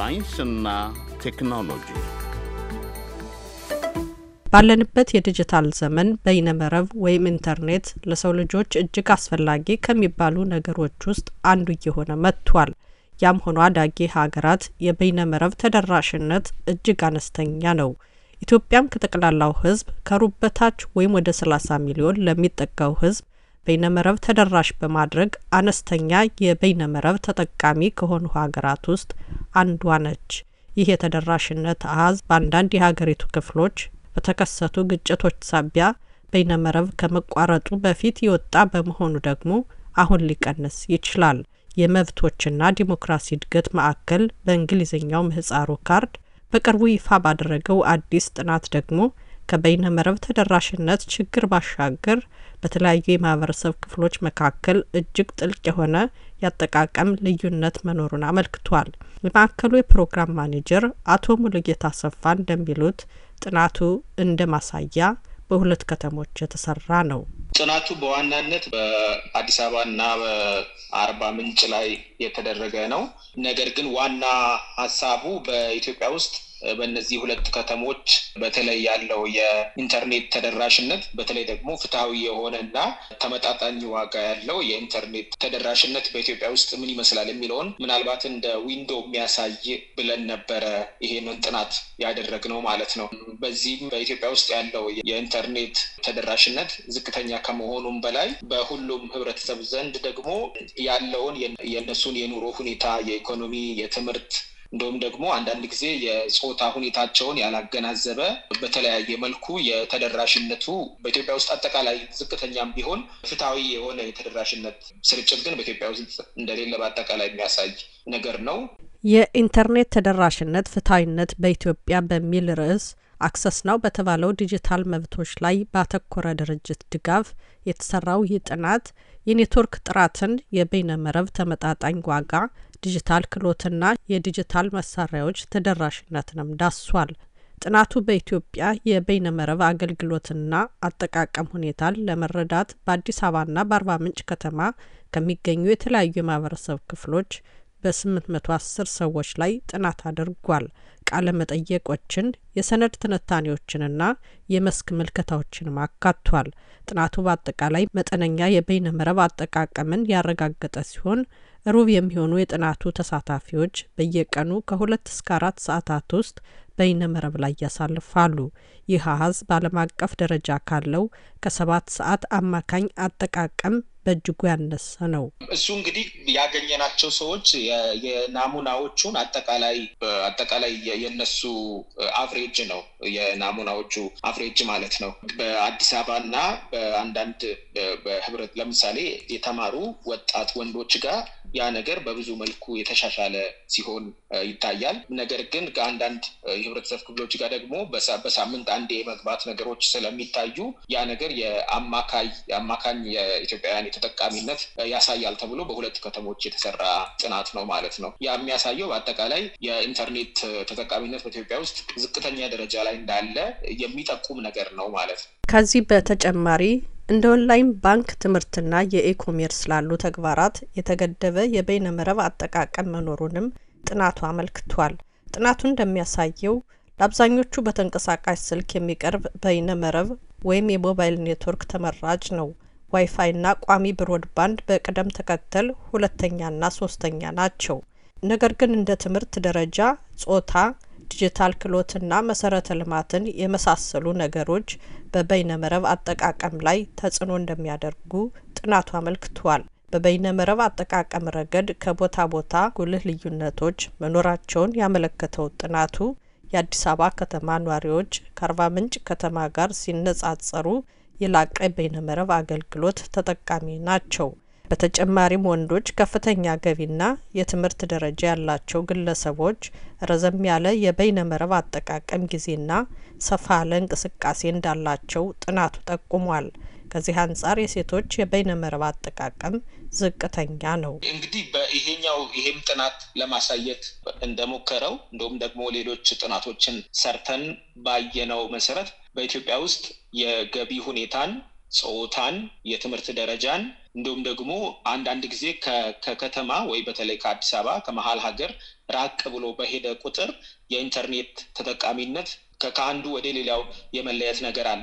ሳይንስና ቴክኖሎጂ ባለንበት የዲጂታል ዘመን በይነመረብ ወይም ኢንተርኔት ለሰው ልጆች እጅግ አስፈላጊ ከሚባሉ ነገሮች ውስጥ አንዱ እየሆነ መጥቷል። ያም ሆኖ አዳጊ ሀገራት የበይነመረብ ተደራሽነት እጅግ አነስተኛ ነው። ኢትዮጵያም ከጠቅላላው ሕዝብ ከሩብ በታች ወይም ወደ 30 ሚሊዮን ለሚጠጋው ሕዝብ በይነመረብ ተደራሽ በማድረግ አነስተኛ የበይነመረብ ተጠቃሚ ከሆኑ ሀገራት ውስጥ አንዷ ነች። ይህ የተደራሽነት አሀዝ በአንዳንድ የሀገሪቱ ክፍሎች በተከሰቱ ግጭቶች ሳቢያ በይነመረብ ከመቋረጡ በፊት የወጣ በመሆኑ ደግሞ አሁን ሊቀንስ ይችላል። የመብቶችና ዲሞክራሲ እድገት ማዕከል በእንግሊዝኛው ምህጻሩ ካርድ በቅርቡ ይፋ ባደረገው አዲስ ጥናት ደግሞ ከበይነ መረብ ተደራሽነት ችግር ባሻገር በተለያዩ የማህበረሰብ ክፍሎች መካከል እጅግ ጥልቅ የሆነ የአጠቃቀም ልዩነት መኖሩን አመልክቷል። የማዕከሉ የፕሮግራም ማኔጀር አቶ ሙሉጌታ ሰፋ እንደሚሉት ጥናቱ እንደ ማሳያ በሁለት ከተሞች የተሰራ ነው። ጥናቱ በዋናነት በአዲስ አበባ እና በአርባ ምንጭ ላይ የተደረገ ነው። ነገር ግን ዋና ሀሳቡ በኢትዮጵያ ውስጥ በእነዚህ ሁለት ከተሞች በተለይ ያለው የኢንተርኔት ተደራሽነት በተለይ ደግሞ ፍትሐዊ የሆነ እና ተመጣጣኝ ዋጋ ያለው የኢንተርኔት ተደራሽነት በኢትዮጵያ ውስጥ ምን ይመስላል የሚለውን ምናልባት እንደ ዊንዶ የሚያሳይ ብለን ነበረ ይሄንን ጥናት ያደረግነው ማለት ነው። በዚህም በኢትዮጵያ ውስጥ ያለው የኢንተርኔት ተደራሽነት ዝቅተኛ ከመሆኑም በላይ በሁሉም ህብረተሰብ ዘንድ ደግሞ ያለውን የእነሱን የኑሮ ሁኔታ የኢኮኖሚ፣ የትምህርት እንዲሁም ደግሞ አንዳንድ ጊዜ የፆታ ሁኔታቸውን ያላገናዘበ በተለያየ መልኩ የተደራሽነቱ በኢትዮጵያ ውስጥ አጠቃላይ ዝቅተኛም ቢሆን ፍትሐዊ የሆነ የተደራሽነት ስርጭት ግን በኢትዮጵያ ውስጥ እንደሌለ በአጠቃላይ የሚያሳይ ነገር ነው። የኢንተርኔት ተደራሽነት ፍትሐዊነት በኢትዮጵያ በሚል ርዕስ አክሰስ ናው በተባለው ዲጂታል መብቶች ላይ ባተኮረ ድርጅት ድጋፍ የተሰራው ይህ ጥናት የኔትወርክ ጥራትን፣ የበይነመረብ ተመጣጣኝ ዋጋ፣ ዲጂታል ክህሎትና የዲጂታል መሳሪያዎች ተደራሽነትንም ዳስሷል። ጥናቱ በኢትዮጵያ የበይነመረብ አገልግሎትና አጠቃቀም ሁኔታን ለመረዳት በአዲስ አበባና በአርባ ምንጭ ከተማ ከሚገኙ የተለያዩ የማህበረሰብ ክፍሎች በ810 ሰዎች ላይ ጥናት አድርጓል። ቃለ መጠየቆችን፣ የሰነድ ትንታኔዎችንና የመስክ ምልከታዎችንም አካቷል። ጥናቱ በአጠቃላይ መጠነኛ የበይነ መረብ አጠቃቀምን ያረጋገጠ ሲሆን ሩብ የሚሆኑ የጥናቱ ተሳታፊዎች በየቀኑ ከሁለት እስከ አራት ሰዓታት ውስጥ በይነ መረብ ላይ ያሳልፋሉ። ይህ አሀዝ በዓለም አቀፍ ደረጃ ካለው ከሰባት ሰዓት አማካኝ አጠቃቀም በእጅጉ ያነሳ ነው። እሱ እንግዲህ ያገኘናቸው ሰዎች የናሙናዎቹን አጠቃላይ አጠቃላይ የነሱ አቭሬጅ ነው። የናሙናዎቹ አቭሬጅ ማለት ነው። በአዲስ አበባ እና በአንዳንድ በህብረት ለምሳሌ የተማሩ ወጣት ወንዶች ጋር ያ ነገር በብዙ መልኩ የተሻሻለ ሲሆን ይታያል። ነገር ግን ከአንዳንድ የህብረተሰብ ክፍሎች ጋር ደግሞ በሳምንት አንዴ የመግባት ነገሮች ስለሚታዩ ያ ነገር የአማካይ የአማካኝ የኢትዮጵያውያን የተጠቃሚነት ያሳያል ተብሎ በሁለት ከተሞች የተሰራ ጥናት ነው ማለት ነው። ያ የሚያሳየው በአጠቃላይ የኢንተርኔት ተጠቃሚነት በኢትዮጵያ ውስጥ ዝቅተኛ ደረጃ ላይ እንዳለ የሚጠቁም ነገር ነው ማለት ነው። ከዚህ በተጨማሪ እንደ ኦንላይን ባንክ ትምህርትና የኢኮሜርስ ላሉ ተግባራት የተገደበ የበይነ መረብ አጠቃቀም መኖሩንም ጥናቱ አመልክቷል። ጥናቱ እንደሚያሳየው ለአብዛኞቹ በተንቀሳቃሽ ስልክ የሚቀርብ በይነ መረብ ወይም የሞባይል ኔትወርክ ተመራጭ ነው። ዋይፋይና ቋሚ ብሮድባንድ በቅደም ተከተል ሁለተኛና ሶስተኛ ናቸው። ነገር ግን እንደ ትምህርት ደረጃ፣ ጾታ፣ ዲጂታል ክሎትና መሰረተ ልማትን የመሳሰሉ ነገሮች በበይነመረብ አጠቃቀም ላይ ተጽዕኖ እንደሚያደርጉ ጥናቱ አመልክቷል። በበይነመረብ አጠቃቀም ረገድ ከቦታ ቦታ ጉልህ ልዩነቶች መኖራቸውን ያመለከተው ጥናቱ የአዲስ አበባ ከተማ ኗሪዎች ከአርባ ምንጭ ከተማ ጋር ሲነጻጸሩ የላቀ በይነመረብ አገልግሎት ተጠቃሚ ናቸው። በተጨማሪም ወንዶች ከፍተኛ ገቢና የትምህርት ደረጃ ያላቸው ግለሰቦች ረዘም ያለ የበይነ መረብ አጠቃቀም ጊዜና ሰፋ ያለ እንቅስቃሴ እንዳላቸው ጥናቱ ጠቁሟል። ከዚህ አንጻር የሴቶች የበይነ መረብ አጠቃቀም ዝቅተኛ ነው። እንግዲህ በይሄኛው ይሄም ጥናት ለማሳየት እንደሞከረው እንዲሁም ደግሞ ሌሎች ጥናቶችን ሰርተን ባየነው መሰረት በኢትዮጵያ ውስጥ የገቢ ሁኔታን ጾታን፣ የትምህርት ደረጃን እንዲሁም ደግሞ አንዳንድ ጊዜ ከከተማ ወይ በተለይ ከአዲስ አበባ ከመሀል ሀገር ራቅ ብሎ በሄደ ቁጥር የኢንተርኔት ተጠቃሚነት ከአንዱ ወደ ሌላው የመለየት ነገር አለ።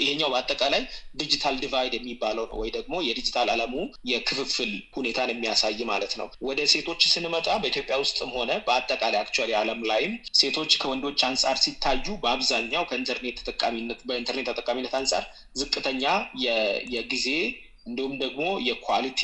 ይሄኛው በአጠቃላይ ዲጂታል ዲቫይድ የሚባለው ነው ወይ ደግሞ የዲጂታል አለሙ የክፍፍል ሁኔታን የሚያሳይ ማለት ነው። ወደ ሴቶች ስንመጣ በኢትዮጵያ ውስጥም ሆነ በአጠቃላይ አክቸሪ አለም ላይም ሴቶች ከወንዶች አንጻር ሲታዩ በአብዛኛው ከኢንተርኔት ተጠቃሚነት በኢንተርኔት ተጠቃሚነት አንጻር ዝቅተኛ የጊዜ እንዲሁም ደግሞ የኳሊቲ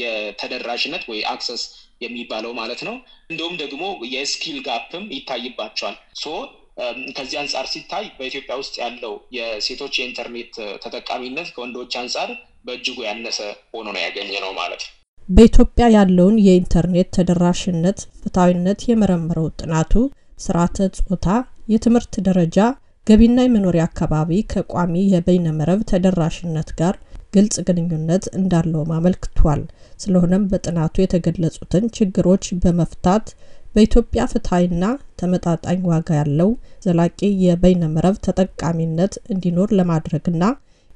የተደራሽነት ወይ አክሰስ የሚባለው ማለት ነው። እንዲሁም ደግሞ የስኪል ጋፕም ይታይባቸዋል ሶ ከዚህ አንጻር ሲታይ በኢትዮጵያ ውስጥ ያለው የሴቶች የኢንተርኔት ተጠቃሚነት ከወንዶች አንጻር በእጅጉ ያነሰ ሆኖ ነው ያገኘ ነው ማለት ነው። በኢትዮጵያ ያለውን የኢንተርኔት ተደራሽነት ፍትሐዊነት የመረመረው ጥናቱ ስርዓተ ጾታ፣ የትምህርት ደረጃ፣ ገቢና የመኖሪያ አካባቢ ከቋሚ የበይነመረብ ተደራሽነት ጋር ግልጽ ግንኙነት እንዳለውም አመልክቷል። ስለሆነም በጥናቱ የተገለጹትን ችግሮች በመፍታት በኢትዮጵያ ፍትሐዊና ተመጣጣኝ ዋጋ ያለው ዘላቂ የበይነመረብ ተጠቃሚነት እንዲኖር ለማድረግና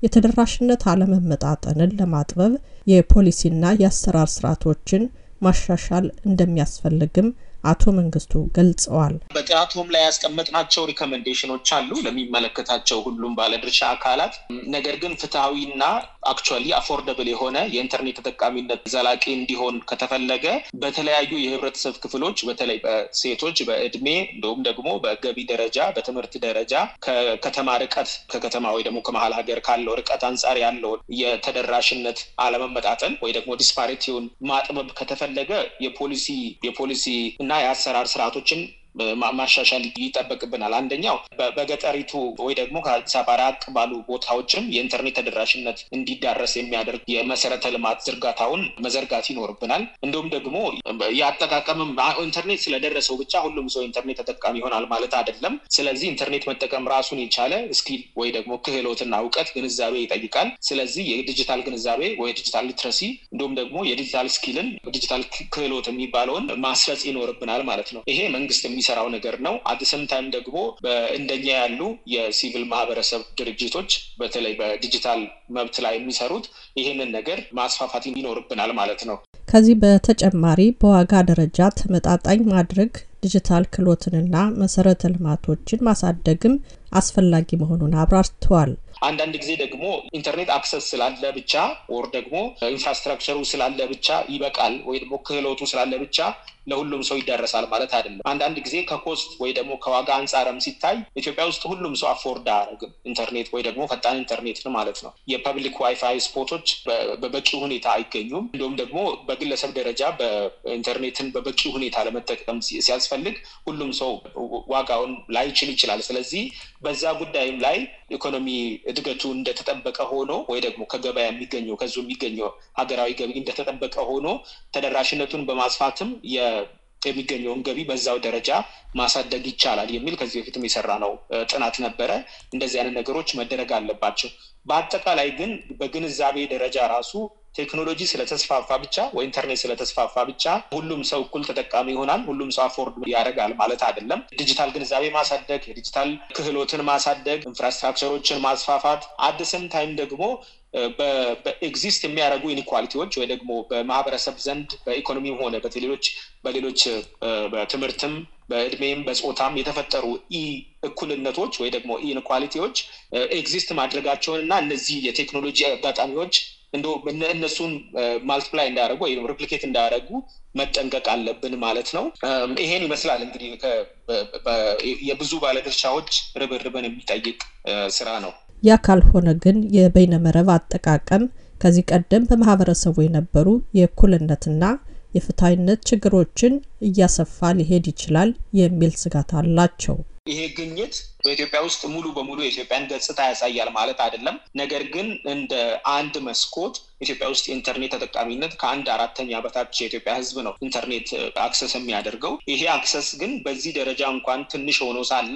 የተደራሽነት አለመመጣጠንን ለማጥበብ የፖሊሲና የአሰራር ስርዓቶችን ማሻሻል እንደሚያስፈልግም አቶ መንግስቱ ገልጸዋል። በጥራቶም ላይ ያስቀመጥናቸው ሪኮመንዴሽኖች አሉ ለሚመለከታቸው ሁሉም ባለድርሻ አካላት። ነገር ግን ፍትሐዊና አክቹዋሊ አፎርደብል የሆነ የኢንተርኔት ተጠቃሚነት ዘላቂ እንዲሆን ከተፈለገ በተለያዩ የህብረተሰብ ክፍሎች በተለይ በሴቶች በእድሜ እንዲሁም ደግሞ በገቢ ደረጃ በትምህርት ደረጃ ከከተማ ርቀት ከከተማ ወይ ደግሞ ከመሀል ሀገር ካለው ርቀት አንጻር ያለውን የተደራሽነት አለመመጣጠን ወይ ደግሞ ዲስፓሪቲውን ማጥበብ ከተፈለገ የፖሊሲ የፖሊሲ እና የአሰራር ስርዓቶችን ማሻሻል ይጠበቅብናል። አንደኛው በገጠሪቱ ወይ ደግሞ ከአዲስ አበባ ራቅ ባሉ ቦታዎችም የኢንተርኔት ተደራሽነት እንዲዳረስ የሚያደርግ የመሰረተ ልማት ዝርጋታውን መዘርጋት ይኖርብናል። እንዲሁም ደግሞ የአጠቃቀምም ኢንተርኔት ስለደረሰው ብቻ ሁሉም ሰው ኢንተርኔት ተጠቃሚ ይሆናል ማለት አይደለም። ስለዚህ ኢንተርኔት መጠቀም ራሱን የቻለ ስኪል ወይ ደግሞ ክህሎትና እውቀት ግንዛቤ ይጠይቃል። ስለዚህ የዲጂታል ግንዛቤ ወይ ዲጂታል ሊትረሲ እንዲሁም ደግሞ የዲጂታል ስኪልን ዲጂታል ክህሎት የሚባለውን ማስረጽ ይኖርብናል ማለት ነው። ይሄ መንግስት የሚሰራው ነገር ነው። አድስም ታይም ደግሞ እንደኛ ያሉ የሲቪል ማህበረሰብ ድርጅቶች በተለይ በዲጂታል መብት ላይ የሚሰሩት ይህንን ነገር ማስፋፋት ይኖርብናል ማለት ነው። ከዚህ በተጨማሪ በዋጋ ደረጃ ተመጣጣኝ ማድረግ ዲጂታል ክህሎትንና መሰረተ ልማቶችን ማሳደግም አስፈላጊ መሆኑን አብራርተዋል። አንዳንድ ጊዜ ደግሞ ኢንተርኔት አክሰስ ስላለ ብቻ ወር ደግሞ ኢንፍራስትራክቸሩ ስላለ ብቻ ይበቃል ወይ ደግሞ ክህሎቱ ስላለ ብቻ ለሁሉም ሰው ይዳረሳል ማለት አይደለም። አንዳንድ ጊዜ ከኮስት ወይ ደግሞ ከዋጋ አንጻርም ሲታይ ኢትዮጵያ ውስጥ ሁሉም ሰው አፎርድ አያደርግም ኢንተርኔት ወይ ደግሞ ፈጣን ኢንተርኔት ማለት ነው። የፐብሊክ ዋይፋይ ስፖቶች በበቂ ሁኔታ አይገኙም። እንዲሁም ደግሞ በግለሰብ ደረጃ በኢንተርኔትን በበቂ ሁኔታ ለመጠቀም ሲያስፈልግ ሁሉም ሰው ዋጋውን ላይችል ይችላል። ስለዚህ በዛ ጉዳይም ላይ ኢኮኖሚ እድገቱ እንደተጠበቀ ሆኖ ወይ ደግሞ ከገበያ የሚገኘው ከዙ የሚገኘው ሀገራዊ ገቢ እንደተጠበቀ ሆኖ ተደራሽነቱን በማስፋትም የሚገኘውን ገቢ በዛው ደረጃ ማሳደግ ይቻላል የሚል ከዚህ በፊትም የሰራ ነው ጥናት ነበረ። እንደዚህ አይነት ነገሮች መደረግ አለባቸው። በአጠቃላይ ግን በግንዛቤ ደረጃ ራሱ ቴክኖሎጂ ስለተስፋፋ ብቻ ወኢንተርኔት ስለተስፋፋ ብቻ ሁሉም ሰው እኩል ተጠቃሚ ይሆናል፣ ሁሉም ሰው አፎርድ ያደርጋል ማለት አይደለም። ዲጂታል ግንዛቤ ማሳደግ፣ የዲጂታል ክህሎትን ማሳደግ፣ ኢንፍራስትራክቸሮችን ማስፋፋት አደሰም ታይም ደግሞ በኤግዚስት የሚያደርጉ ኢኒኳሊቲዎች ወይ ደግሞ በማህበረሰብ ዘንድ በኢኮኖሚም ሆነ በሌሎች በሌሎች በትምህርትም በእድሜም በጾታም የተፈጠሩ ኢ እኩልነቶች ወይ ደግሞ ኢኒኳሊቲዎች ኤግዚስት ማድረጋቸውን እና እነዚህ የቴክኖሎጂ አጋጣሚዎች እንደ እነሱን ማልቲፕላይ እንዳያደረጉ ወይም ሪፕሊኬት እንዳያደረጉ መጠንቀቅ አለብን ማለት ነው። ይሄን ይመስላል እንግዲህ የብዙ ባለድርሻዎች ርብርብን የሚጠይቅ ስራ ነው። ያ ካልሆነ ግን የበይነመረብ አጠቃቀም ከዚህ ቀደም በማህበረሰቡ የነበሩ የእኩልነትና የፍትሀይነት ችግሮችን እያሰፋ ሊሄድ ይችላል የሚል ስጋት አላቸው። ይሄ ግኝት በኢትዮጵያ ውስጥ ሙሉ በሙሉ የኢትዮጵያን ገጽታ ያሳያል ማለት አይደለም። ነገር ግን እንደ አንድ መስኮት ኢትዮጵያ ውስጥ የኢንተርኔት ተጠቃሚነት ከአንድ አራተኛ በታች የኢትዮጵያ ሕዝብ ነው ኢንተርኔት አክሰስ የሚያደርገው። ይሄ አክሰስ ግን በዚህ ደረጃ እንኳን ትንሽ ሆኖ ሳለ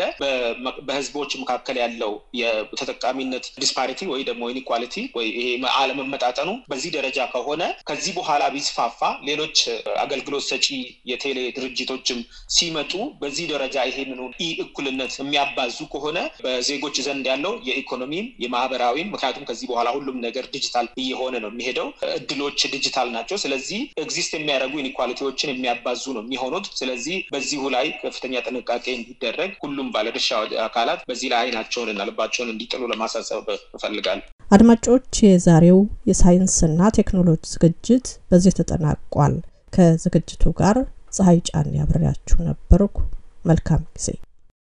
በሕዝቦች መካከል ያለው የተጠቃሚነት ዲስፓሪቲ ወይ ደግሞ ኢኒኳሊቲ ወይ ይሄ አለመመጣጠኑ በዚህ ደረጃ ከሆነ ከዚህ በኋላ ቢስፋፋ ሌሎች አገልግሎት ሰጪ የቴሌ ድርጅቶችም ሲመጡ በዚህ ደረጃ ይሄንን ኢ እኩልነት የሚያባዙ የማይዙ ከሆነ በዜጎች ዘንድ ያለው የኢኮኖሚም የማህበራዊም ምክንያቱም ከዚህ በኋላ ሁሉም ነገር ዲጂታል እየሆነ ነው የሚሄደው። እድሎች ዲጂታል ናቸው። ስለዚህ ኤግዚስት የሚያደርጉ ኢኒኳሊቲዎችን የሚያባዙ ነው የሚሆኑት። ስለዚህ በዚሁ ላይ ከፍተኛ ጥንቃቄ እንዲደረግ ሁሉም ባለድርሻ አካላት በዚህ ላይ አይናቸውን እና ልባቸውን እንዲጥሉ ለማሳሰብ እፈልጋል አድማጮች፣ የዛሬው የሳይንስና ቴክኖሎጂ ዝግጅት በዚህ ተጠናቋል። ከዝግጅቱ ጋር ፀሐይ ጫን ያብሬያችሁ ነበርኩ። መልካም ጊዜ